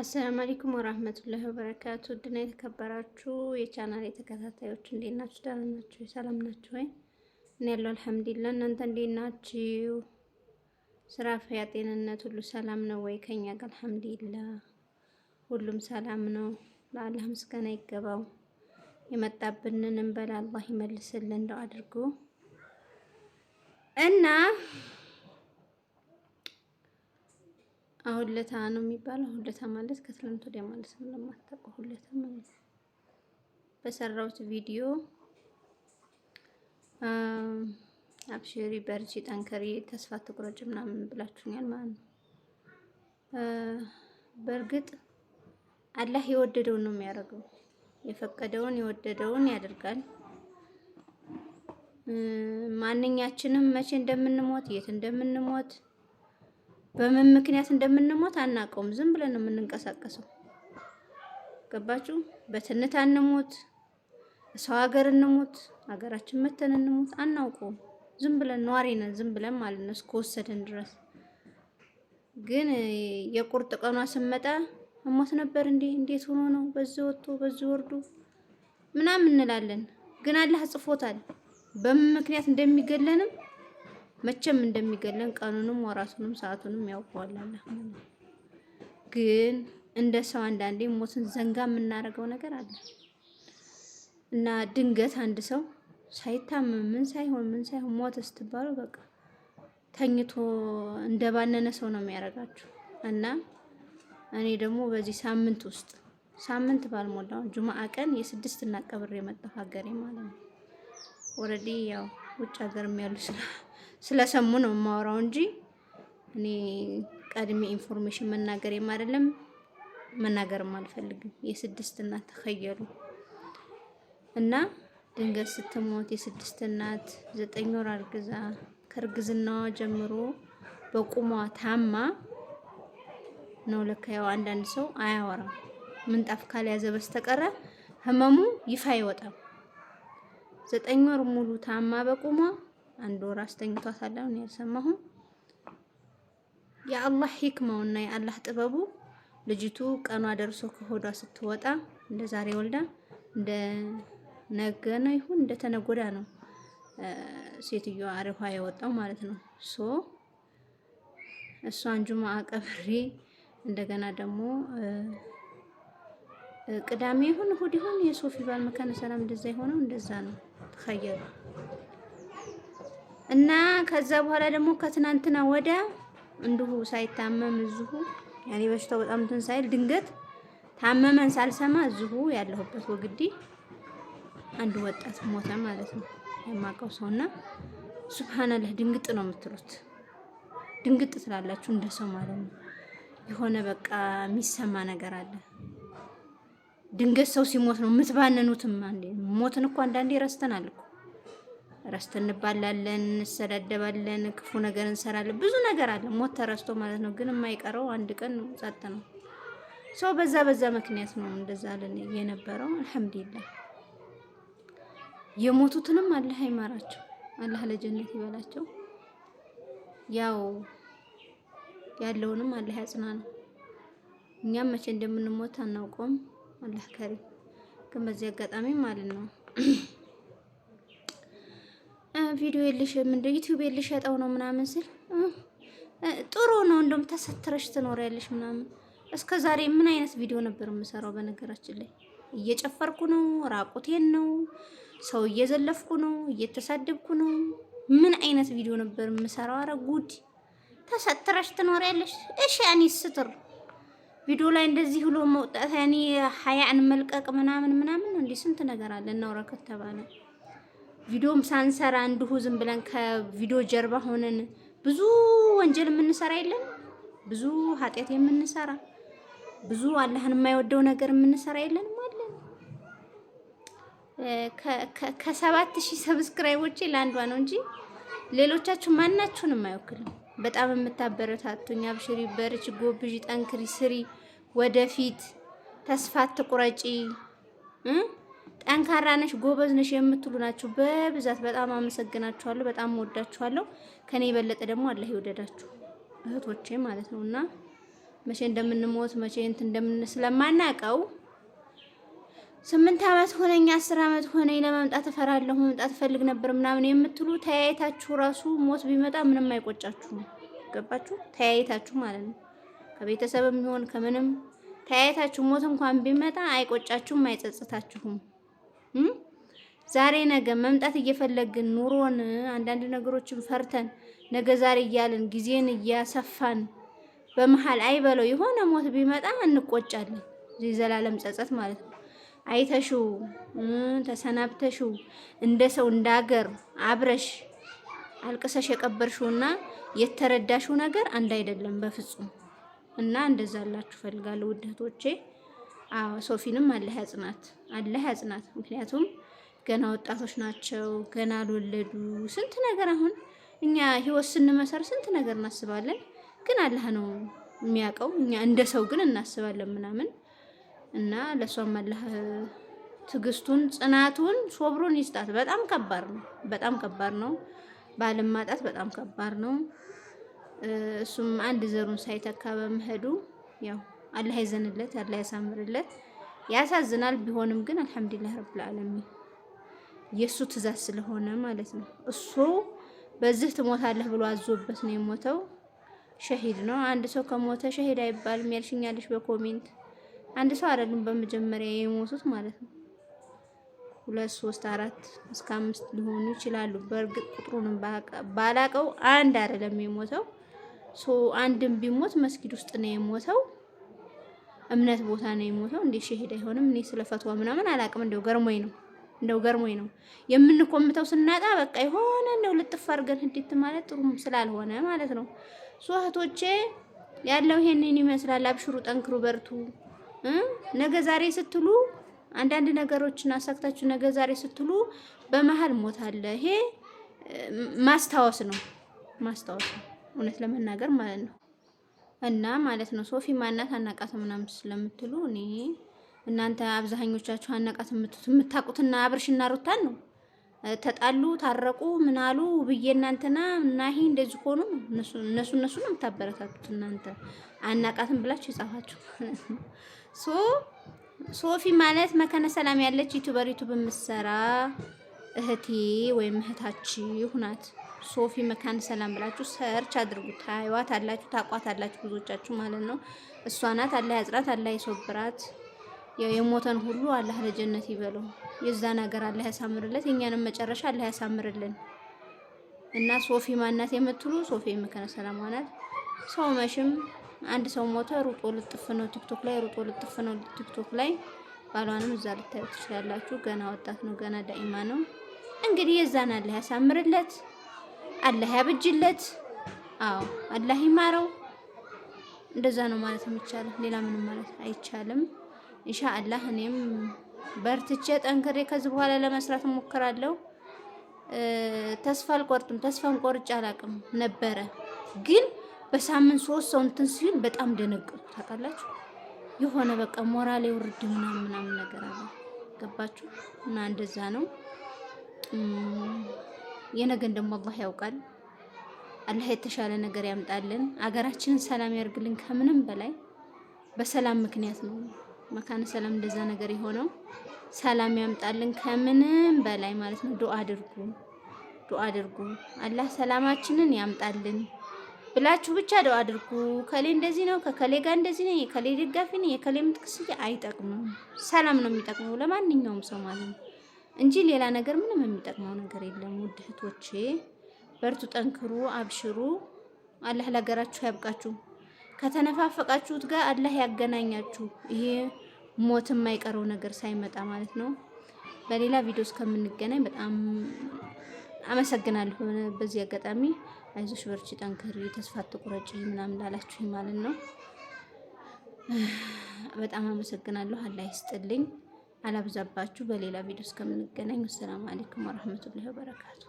አሰላም አለይኩም ወራህመቱላሂ ወበረካቱ ድና የተከበራችሁ የቻናል የተከታታዮች እንዴት ናችሁ? ደህና ናችሁ? ሰላም ናችሁ ወይ? እኔ ያለው አልሐምዱሊላህ። እናንተ እንዴት ናችሁ? ስራ፣ ፍያ፣ ጤንነት ሁሉ ሰላም ነው ወይ? ከኛ ጋር አልሐምዱሊላህ ሁሉም ሰላም ነው። ለአላህ ምስጋና ይገባው። የመጣብንን እንበላ አላህ ይመልስልን፣ እንደው አድርጎ እና ሁለታ ነው የሚባለው። ሁለታ ማለት ከትላንት ወዲያ ማለት ነው። ለማታውቁ ሁለታ ማለት በሰራሁት ቪዲዮ አብሽሪ፣ በርቺ፣ ጠንከሪ፣ ተስፋ አትቁረጭ ምናምን ብላችሁኛል ማለት ነው። በእርግጥ አላህ የወደደውን ነው የሚያደርገው። የፈቀደውን የወደደውን ያደርጋል። ማንኛችንም መቼ እንደምንሞት የት እንደምንሞት በምን ምክንያት እንደምንሞት አናውቀውም። ዝም ብለን ነው የምንንቀሳቀሰው። ገባችሁ? በትንታ እንሞት፣ ሰው ሀገር እንሞት፣ ሀገራችን መተን እንሞት አናውቀውም። ዝም ብለን ነዋሪ ነን። ዝም ብለን ማለት ነው እስከወሰደን ድረስ። ግን የቁርጥ ቀኗ ስመጣ እሞት ነበር እንዴ? እንዴት ሆኖ ነው በዚህ ወጥቶ በዚህ ወርዶ ምናምን እንላለን። ግን አላህ ጽፎታል በምን ምክንያት እንደሚገለንም መቼም እንደሚገለን ቀኑንም ወራቱንም ሰዓቱንም ያውቀዋል ግን እንደ ሰው አንዳንዴ ሞትን ዘንጋ የምናደርገው ነገር አለ እና ድንገት አንድ ሰው ሳይታመም ምን ሳይሆን ምን ሳይሆን ሞት ስትባሉ በቃ ተኝቶ እንደባነነ ሰው ነው የሚያደርጋችሁ። እና እኔ ደግሞ በዚህ ሳምንት ውስጥ ሳምንት ባልሞላው ጁማአ ቀን የስድስት እና ቀብሬ የመጣሁ ሀገሬ ማለት ነው። ወረዲ ያው ውጭ ሀገርም ያሉ ስላ ስለሰሙ ነው የማወራው እንጂ እኔ ቀድሜ ኢንፎርሜሽን መናገር አይደለም መናገርም አልፈልግም። የስድስት እናት ተኸየሉ እና ድንገት ስትሞት የስድስት እናት ዘጠኝ ወር አርግዛ ከእርግዝናዋ ጀምሮ በቁሟ ታማ ነው። ለካ ያው አንዳንድ ሰው አያወራም ምንጣፍ ካልያዘ በስተቀረ ህመሙ ይፋ አይወጣም። ዘጠኝ ወር ሙሉ ታማ በቁሟ አንድ ወር አስተኝቷታል። አሁን ያልሰማሁም የአላህ ሂክማውና የአላህ ጥበቡ ልጅቱ ቀኗ ደርሶ ከሆዷ ስትወጣ እንደ ዛሬ ወልዳ እንደ ነገነ ይሁን እንደ ተነጎዳ ነው ሴትዮዋ አረፋ የወጣው ማለት ነው። ሶ እሷን ጁማ ቀብሬ እንደገና ደግሞ ቅዳሜ ይሁን እሑድ ይሁን የሶፊ ባል መካነ ሰላም እንደዛ የሆነው እንደዛ ነው ተኸየሩ እና ከዛ በኋላ ደግሞ ከትናንትና ወዳ እንዲሁ ሳይታመም እዚሁ ያኔ በሽታው በጣም እንትን ሳይል ድንገት ታመመን ሳልሰማ እዚሁ ያለሁበት ወግዲ አንድ ወጣት ሞተ ማለት ነው። የማውቀው ሰውና ሱብሃንአላህ ድንግጥ ነው የምትሉት። ድንግጥ ትላላችሁ እንደ ሰው ማለት ነው። የሆነ በቃ የሚሰማ ነገር አለ። ድንገት ሰው ሲሞት ነው የምትባነኑትም። አንዴ ሞትን እኮ አንዳንዴ ረስተናል እኮ ረስቶ እንባላለን፣ እንሰዳደባለን፣ ክፉ ነገር እንሰራለን። ብዙ ነገር አለ ሞት ተረስቶ ማለት ነው። ግን የማይቀረው አንድ ቀን ጸጥ ነው። ሰው በዛ በዛ ምክንያት ነው እንደዛ ለን የነበረው። አልሐምዱሊላህ የሞቱትንም አላህ ይማራቸው፣ አላህ ለጀነት ይበላቸው። ያው ያለውንም አላህ ያጽና ነው። እኛም መቼ እንደምንሞት አናውቀውም። አላህ ከሪም። ግን በዚህ አጋጣሚ ማለት ነው ቪዲዮ የልሽም እንደ ዩቲዩብ የልሸጠው ነው ምናምን ስል ጥሩ ነው እንደውም ተሰትረሽ ትኖሪያለሽ ምናምን። እስከ ዛሬ ምን አይነት ቪዲዮ ነበር የምሰራው? በነገራችን ላይ እየጨፈርኩ ነው፣ ራቁቴን ነው፣ ሰው እየዘለፍኩ ነው፣ እየተሳደብኩ ነው። ምን አይነት ቪዲዮ ነበር የምሰራው? አረ ጉድ! ተሰትረሽ ትኖሪያለሽ። እሺ ያኔ ስትር ቪዲዮ ላይ እንደዚህ ብሎ መውጣት ያኔ ሀያን መልቀቅ ምናምን ምናምን እንዲህ ስንት ነገር አለ እናውራ ከተባለ ቪዲዮም ሳንሰራ እንዲሁ ዝም ብለን ከቪዲዮ ጀርባ ሆነን ብዙ ወንጀል የምንሰራ የለን? ብዙ ኃጢአት የምንሰራ ብዙ አላህን የማይወደው ነገር የምንሰራ የለንም አለን። ከሰባት ሺህ ሰብስክራይቦቼ ለአንዷ ነው እንጂ ሌሎቻችሁ ማናችሁን አይወክልም። በጣም የምታበረታቱኝ አብሽሪ፣ በርች፣ ጎብዥ፣ ጠንክሪ፣ ስሪ፣ ወደፊት ተስፋት አትቁረጪ። ጠንካራ ነሽ፣ ጎበዝ ነሽ የምትሉ ናችሁ በብዛት። በጣም አመሰግናችኋለሁ። በጣም ወዳችኋለሁ። ከኔ የበለጠ ደግሞ አላህ ይወደዳችሁ እህቶቼ ማለት ነው እና መቼ እንደምንሞት መቼ እንትን እንደምን ስምንት ዓመት ሆነኝ አስር ዓመት ሆነኝ ለመምጣት እፈራለሁ መምጣት እፈልግ ነበር ምናምን የምትሉ ተያይታችሁ ራሱ ሞት ቢመጣ ምንም አይቆጫችሁም። ገባችሁ? ተያይታችሁ ማለት ነው ከቤተሰብም ይሆን ከምንም ተያይታችሁ ሞት እንኳን ቢመጣ አይቆጫችሁም፣ አይጸጽታችሁም። ዛሬ ነገ መምጣት እየፈለግን ኑሮን አንዳንድ ነገሮችን ፈርተን ነገ ዛሬ እያልን ጊዜን እያሰፋን በመሀል አይበለው የሆነ ሞት ቢመጣ እንቆጫለን። ዘላለም ጸጸት ማለት ነው። አይተሽው ተሰናብተሽው እንደ ሰው እንደ አብረሽ አልቅሰሽ የቀበርሽውና የተረዳሽው ነገር አንድ አይደለም በፍጹም። እና እንደዛ ላችሁ ፈልጋለሁ ውድህቶቼ። አዎ ሶፊንም አላህ ያጽናት፣ አላህ ያጽናት። ምክንያቱም ገና ወጣቶች ናቸው፣ ገና አልወለዱ። ስንት ነገር አሁን እኛ ህይወት ስንመሰር ስንት ነገር እናስባለን፣ ግን አላህ ነው የሚያውቀው። እኛ እንደ ሰው ግን እናስባለን ምናምን እና ለእሷም አላህ ትግስቱን፣ ጽናቱን፣ ሶብሩን ይስጣት። በጣም ከባድ ነው፣ በጣም ከባድ ነው። ባልን ማጣት በጣም ከባድ ነው። እሱም አንድ ዘሩን ሳይተካ በመሄዱ ያው አላህ ያዘንለት አላህ ያሳምርለት። ያሳዝናል። ቢሆንም ግን አልሐምዱሊላህ ረብል ዓለሚን የእሱ ትእዛዝ ስለሆነ ማለት ነው። እሱ በዚህ ትሞታለህ ብሎ አዞበት ነው የሞተው። ሸሂድ ነው። አንድ ሰው ከሞተ ሸሂድ አይባልም ያልሽኛለሽ በኮሜንት አንድ ሰው አይደለም በመጀመሪያ የሞቱት ማለት ነው። ሁለት ሶስት አራት እስከ አምስት ሊሆኑ ይችላሉ። በእርግጥ ቁጥሩንም ባላቀው አንድ አይደለም የሞተው። አንድም ቢሞት መስጊድ ውስጥ ነው የሞተው። እምነት ቦታ ነው የሞተው። እንዴ ሸሂድ አይሆንም? እኔ ስለ ፈትዋ ምናምን አላቅም። እንደው ገርሞኝ ነው እንደው ገርሞኝ ነው የምንኮምተው ስናጣ በቃ የሆነ እንደው ልጥፍ አድርገን እንዴት ማለት ጥሩም ስላልሆነ ማለት ነው። ሶህቶቼ ያለው ይሄንን ይመስላል። አብሽሩ፣ ጠንክሩ፣ በርቱ። ነገ ዛሬ ስትሉ አንዳንድ ነገሮችን አሳክታችሁ ነገ ዛሬ ስትሉ በመሀል ሞት አለ። ይሄ ማስታወስ ነው ማስታወስ ነው እውነት ለመናገር ማለት ነው። እና ማለት ነው ሶፊ ማናት አናቃትም ምናምን ስለምትሉ እኔ እናንተ አብዛኞቻችሁ አናቃት የምታውቁትና አብርሽና ሩታን ነው። ተጣሉ፣ ታረቁ፣ ምናሉ ብዬ እናንተና እና ይሄ እንደዚህ ሆኑ እነሱ እነሱ ነው የምታበረታቱት እናንተ አናቃትም ብላችሁ የጻፋችሁ ሶ ሶፊ ማለት መከነ ሰላም ያለች ዩቲዩበር ዩቲዩብ የምትሰራ እህቴ ወይም እህታችሁ ናት። ሶፊ መካን ሰላም ብላችሁ ሰርች አድርጉ ታይዋት አላችሁ ታቋት አላችሁ ብዙዎቻችሁ ማለት ነው። እሷ ናት። አላህ ያጽራት፣ አላህ ይሶብራት። የሞተን ሁሉ አላህ ለጀነት ይበለው። የዛን ሀገር አላህ ያሳምርለት። የእኛንም መጨረሻ አላህ ያሳምርልን እና ሶፊ ማናት የምትሉ ሶፊ መካን ሰላም ናት። ሰው መሽም አንድ ሰው ሞተ፣ ሩጦ ልጥፍ ነው ቲክቶክ ላይ ሩጦ ልጥፍ ነው ቲክቶክ ላይ። ባሏንም እዛ ልታዩት ትችላላችሁ። ገና ወጣት ነው፣ ገና ዳኢማ ነው። እንግዲህ የዛን አላህ ያሳምርለት። አላህ ያብጅለት። አዎ አላህ ይማረው። እንደዛ ነው ማለት የሚቻለው። ሌላ ምንም ማለት አይቻልም። ኢንሻአላህ እኔም በርትቼ ጠንክሬ ከዚህ በኋላ ለመስራት እሞክራለሁ። ተስፋ አልቆርጥም። ተስፋን ቆርጬ አላውቅም ነበረ፣ ግን በሳምንት ሶስት ሰው እንትን ሲል በጣም ደነገጥኩ። ታውቃላችሁ የሆነ በቃ ሞራል ውርድ ምናምን ምናምን ነገር አለ። ገባችሁ? እና እንደዛ ነው። የነገን ደግሞ አላህ ያውቃል። አላህ የተሻለ ነገር ያምጣልን፣ አገራችንን ሰላም ያርግልን። ከምንም በላይ በሰላም ምክንያት ነው መካነ ሰላም እንደዛ ነገር የሆነው። ሰላም ያምጣልን ከምንም በላይ ማለት ነው። ዱአ አድርጉ፣ ዱአ አድርጉ። አላህ ሰላማችንን ያምጣልን ብላችሁ ብቻ ዱአ አድርጉ። ከሌ እንደዚህ ነው፣ ከከሌ ጋር እንደዚህ ነው፣ የከሌ ደጋፊ ነው፣ የከሌ ምትክስያ አይጠቅሙም። ሰላም ነው የሚጠቅመው ለማንኛውም ሰው ማለት ነው። እንጂ ሌላ ነገር ምንም የሚጠቅመው ነገር የለም። ውድ እህቶቼ በርቱ፣ ጠንክሩ፣ አብሽሩ። አላህ ለሀገራችሁ ያብቃችሁ። ከተነፋፈቃችሁት ጋር አላህ ያገናኛችሁ። ይሄ ሞት የማይቀረው ነገር ሳይመጣ ማለት ነው። በሌላ ቪዲዮ እስከምንገናኝ በጣም አመሰግናለሁ። በዚህ አጋጣሚ አይዞሽ፣ በርቺ፣ ጠንክሪ፣ ተስፋ አትቁረጪ ምናምን ላላችሁኝ ማለት ነው በጣም አመሰግናለሁ። አላህ ይስጥልኝ። አላብዛባችሁ። በሌላ ቪዲዮ እስከምንገናኝ፣ አሰላሙ አሌይኩም ወረህመቱላሂ ወበረካቱ።